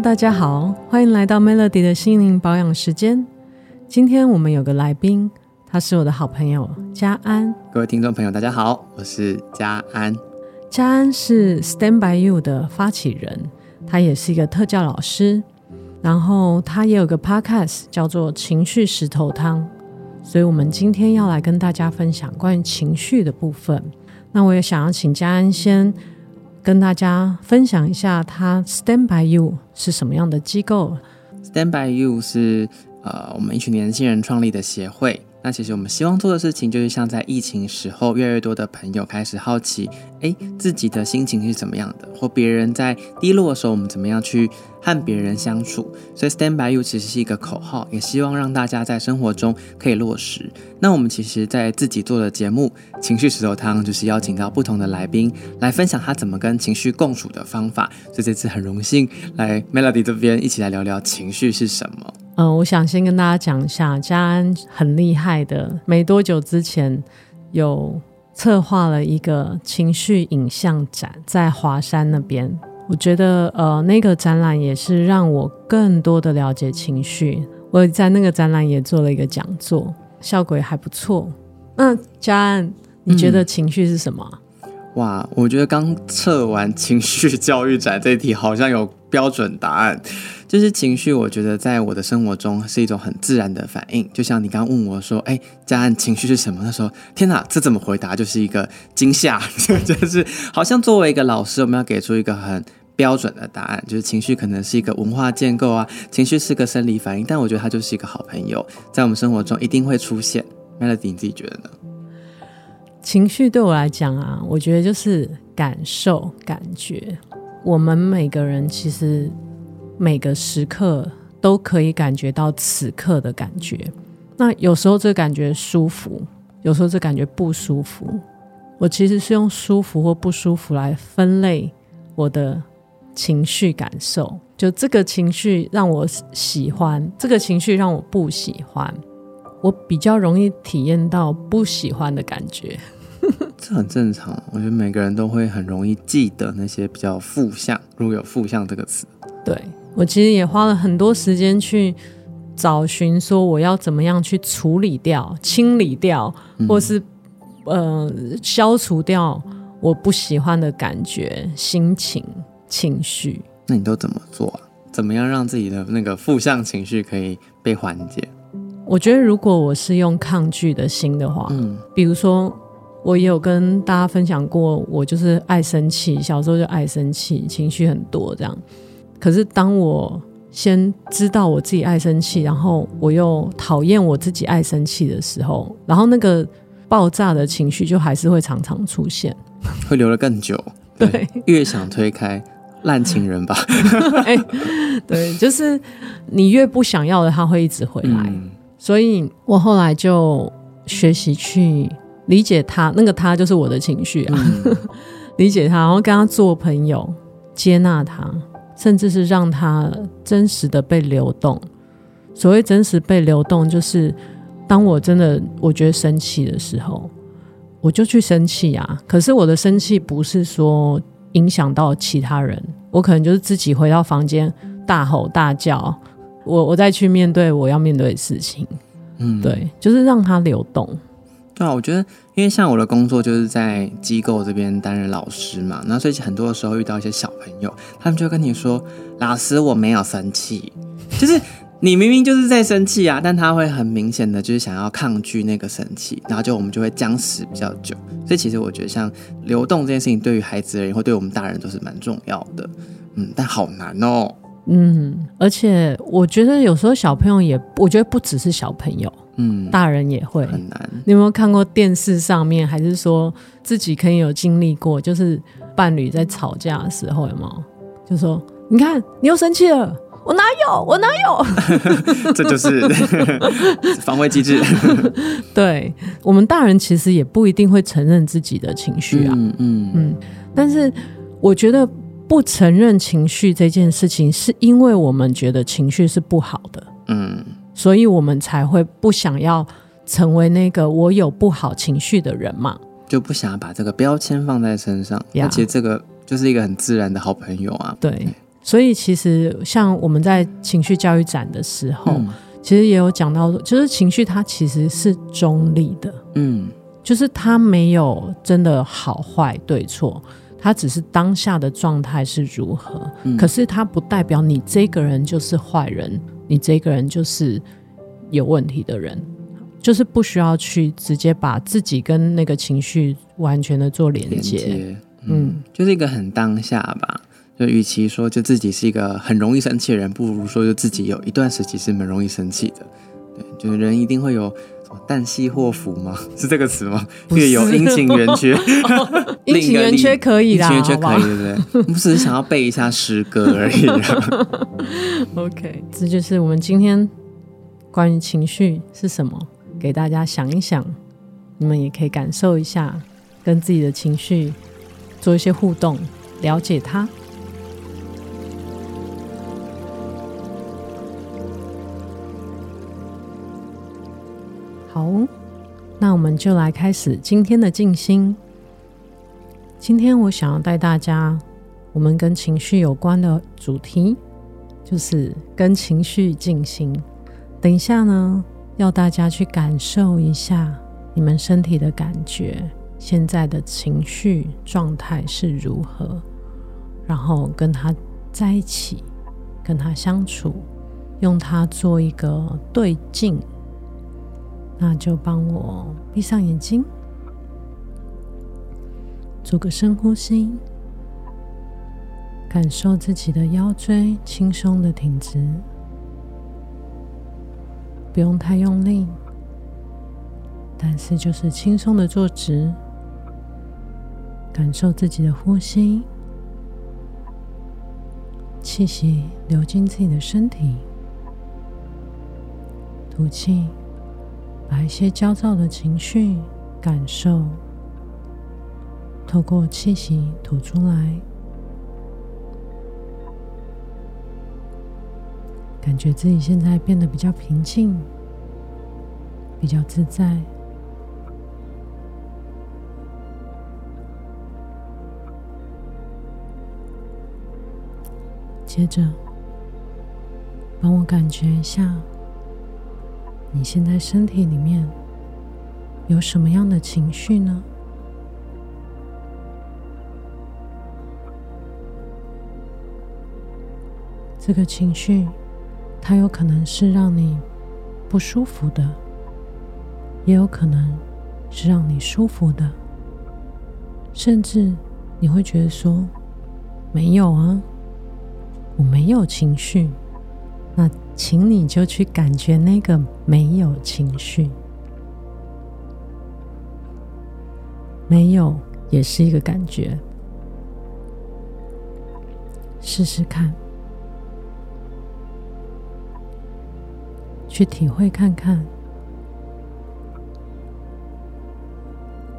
大家好，歡迎來到 Melody 的心靈保養時間。今天我們有個來賓，他是我的好朋友家安。各位聽眾朋友，大家好，我是家安。家安是 Stand by You 的發起人，他也是一個特教老師，然後他也有個 Podcast 叫做情緒石頭湯。所以我們今天要來跟大家分享關於情緒的部分。那我也想要請家安先跟大家分享一下，他 Stand by You 是什麼樣的機構？Stand by You 是，呃，我們一群年輕人創立的協會。那其實我們希望做的事情，就是像在疫情時候，越來越多的朋友開始好奇，哎，自己的心情是怎麼樣的，或別人在低落的時候，我們怎麼樣去和別人相處。所以，Stand by you 其實是一個口號，也希望讓大家在生活中可以落實。那我們其實，在自己做的節目《情緒石頭湯》，就是邀請到不同的來賓來分享他怎麼跟情緒共處的方法。所以這次很榮幸來 Melody 這邊一起來聊聊情緒是什麼。嗯、呃，我想先跟大家講一下，家安很厲害的。沒多久之前，有策劃了一個情緒影像展，在華山那邊。我覺得，呃，那個展覽也是讓我更多的了解情緒。我在那個展覽也做了一個講座，效果也還不錯。那家安，你覺得情緒是什麼、嗯？哇，我覺得剛測完情緒教育展這一題，好像有標準答案。就是情緒，我覺得在我的生活中是一種很自然的反應。就像你剛問我說：“哎、欸，家安，情緒是什麼？”我說：“天哪、啊，這怎麼回答？就是一個驚嚇。”這就是好像作為一個老師，我們要給出一個很標準的答案，就是情緒可能是一個文化建構啊，情緒是個生理反應。但我覺得他就是一個好朋友，在我們生活中一定會出現。Melody，你自己覺得呢？情緒對我來講啊，我覺得就是感受、感覺。我們每個人其實。每個時刻都可以感覺到此刻的感覺。那有時候這感覺舒服，有時候這感覺不舒服。我其實是用舒服或不舒服來分類我的情緒感受。就這個情緒讓我喜歡，這個情緒讓我不喜歡。我比較容易體驗到不喜歡的感覺。 這很正常，我覺得每個人都會很容易記得那些比較負向。如果有負向這個詞，對。我其實也花了很多時間去找尋，說我要怎麼樣去處理掉、清理掉，或是、嗯、呃消除掉我不喜歡的感覺、心情、情緒。那你都怎麼做啊？怎麼樣讓自己的那個負向情緒可以被緩解？我覺得，如果我是用抗拒的心的話，嗯，比如說我也有跟大家分享過，我就是愛生氣，小時候就愛生氣，情緒很多這樣。可是，當我先知道我自己愛生氣，然後我又討厭我自己愛生氣的時候，然後那個爆炸的情緒就還是會常常出現，會留得更久。對，對，越想推開爛情人吧、 欸，對，就是你越不想要的，他會一直回來。嗯、所以，我後來就學習去理解他，那個他就是我的情緒啊，嗯、 理解他，然後跟他做朋友，接納他。甚至是讓它真實的被流動。所謂真實被流動，就是當我真的我覺得生氣的時候，我就去生氣啊。可是我的生氣不是說影響到其他人，我可能就是自己回到房間大吼大叫，我我再去面對我要面對的事情。嗯，對，就是讓它流動。對啊，我覺得，因為像我的工作就是在機構這邊擔任老師嘛，那所以很多的時候遇到一些小朋友，他們就跟你說：“老師，我沒有生氣。”就是你明明就是在生氣啊，但他會很明顯的就是想要抗拒那個生氣，然後就我們就會僵持比較久。所以其實我覺得，像流動這件事情，對於孩子而言，或對我們大人都是蠻重要的。嗯，但好難哦。嗯，而且我覺得有時候小朋友也，我覺得不只是小朋友。嗯，大人也會很難。你有沒有看過電視上面，還是說自己可以有經歷過？就是伴侶在吵架的時候，有沒有？就說你看，你又生氣了，我哪有，我哪有， 這就是 防衛機制。 對，我們大人其實也不一定會承認自己的情緒啊。嗯嗯嗯。但是我覺得不承認情緒這件事情，是因為我們覺得情緒是不好的。嗯。所以，我們才會不想要成為那個我有不好情緒的人嘛？就不想要把這個標籤放在身上。而且，這個就是一個很自然的好朋友啊。對，對所以其實像我們在情緒教育展的時候，嗯、其實也有講到，就是情緒它其實是中立的。嗯，就是它沒有真的好壞對錯，它只是當下的狀態是如何。嗯、可是，它不代表你這個人就是壞人。你這個人就是有問題的人，就是不需要去直接把自己跟那個情緒完全的做連，連接，嗯，嗯，就是一個很當下吧。就與其說就自己是一個很容易生氣的人，不如說就自己有一段時期是蠻容易生氣的。就人一定會有、哦、旦夕禍福嗎？是這個詞嗎？月有陰晴圓缺，陰 哦、晴圓缺可以啦，好不好，對不對？我只是想要背一下詩歌而已、 啊。OK，這就是我們今天關於情緒是什麼，給大家想一想，你們也可以感受一下，跟自己的情緒做一些互動，了解它。我們就來開始今天的靜心。今天我想要帶大家，我們跟情緒有關的主題，就是跟情緒靜心。等一下呢，要大家去感受一下你們身體的感覺，現在的情緒狀態是如何，然後跟他在一起，跟他相處，用它做一個對鏡。那就幫我閉上眼睛，做個深呼吸，感受自己的腰椎輕鬆的挺直，不用太用力，但是就是輕鬆的坐直，感受自己的呼吸，氣息流進自己的身體，吐氣。把一些焦躁的情緒感受，透過氣息吐出來，感覺自己現在變得比較平靜，比較自在。接着，幫我感覺一下。你現在身體裡面有什麼樣的情緒呢？這個情緒，它有可能是讓你不舒服的，也有可能是讓你舒服的，甚至你會覺得說：“沒有啊，我沒有情緒。”那。請你就去感覺那個沒有情緒，沒有也是一個感覺，試試看，去體會看看。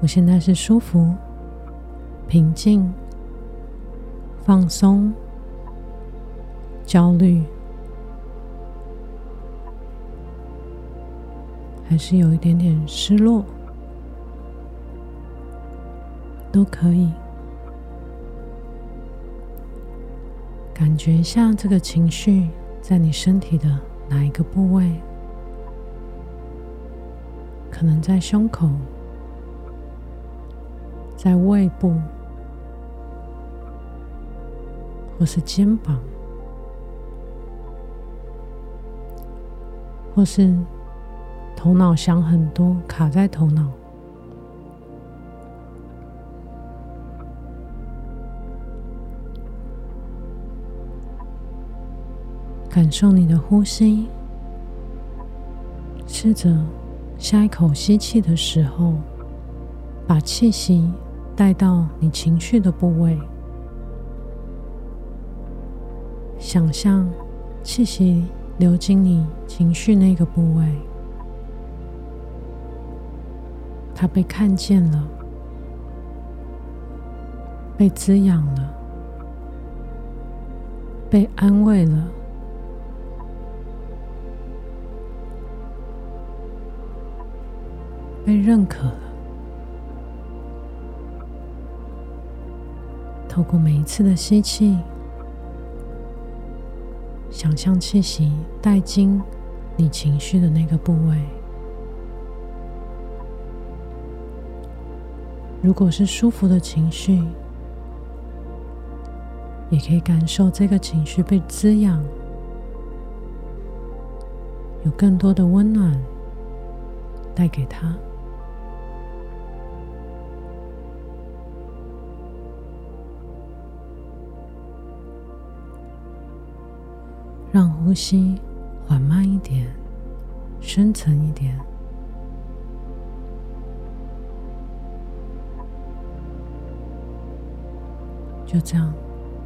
我現在是舒服、平靜、放鬆、焦慮，還是有一點點失落，都可以。感覺像這個情緒在你身體的哪一個部位？可能在胸口，在胃部，或是肩膀，或是。頭腦想很多，卡在頭腦。感受你的呼吸，試着下一口吸氣的時候，把氣息帶到你情緒的部位。想象氣息流經你情緒那個部位。他被看見了，被滋養了，被安慰了，被認可了。透過每一次的吸氣，想象氣息帶進你情緒的那個部位。如果是舒服的情緒，也可以感受這個情緒被滋養，有更多的溫暖帶給他，讓呼吸緩慢一點，深層一點。就這樣，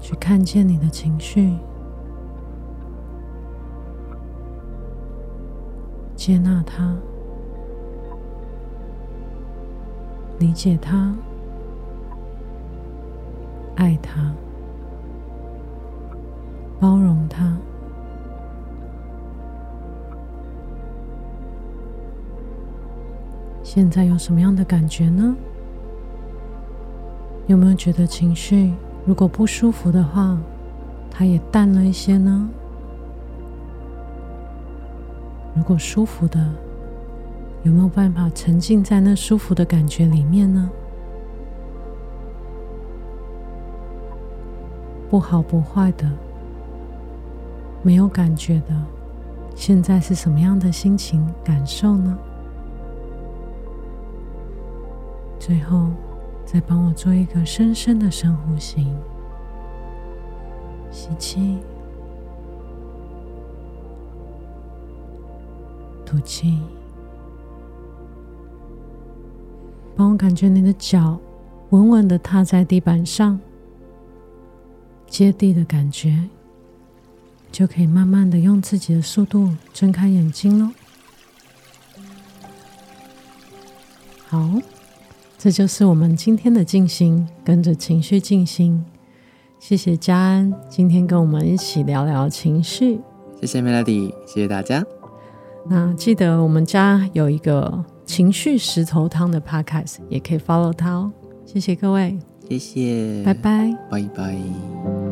去看見你的情緒，接納它，理解它，愛它，包容它。現在有什麼樣的感覺呢？有沒有覺得情緒？如果不舒服的話，它也淡了一些呢。如果舒服的，有沒有辦法沉浸在那舒服的感覺裡面呢？不好不壞的，沒有感覺的，現在是什麼樣的心情感受呢？最後。再幫我做一個深深的深呼吸，吸氣，吐氣。幫我感覺你的腳穩穩的踏在地板上，接地的感覺，就可以慢慢的用自己的速度睜開眼睛嘍。好。這就是我們今天的靜心，跟着情緒靜心。謝謝家安，今天跟我們一起聊聊情緒。謝謝 Melody，謝謝大家。那記得我們家有一個情緒石頭湯的 Podcast，也可以 follow 它哦。謝謝各位，謝謝，拜拜，拜拜。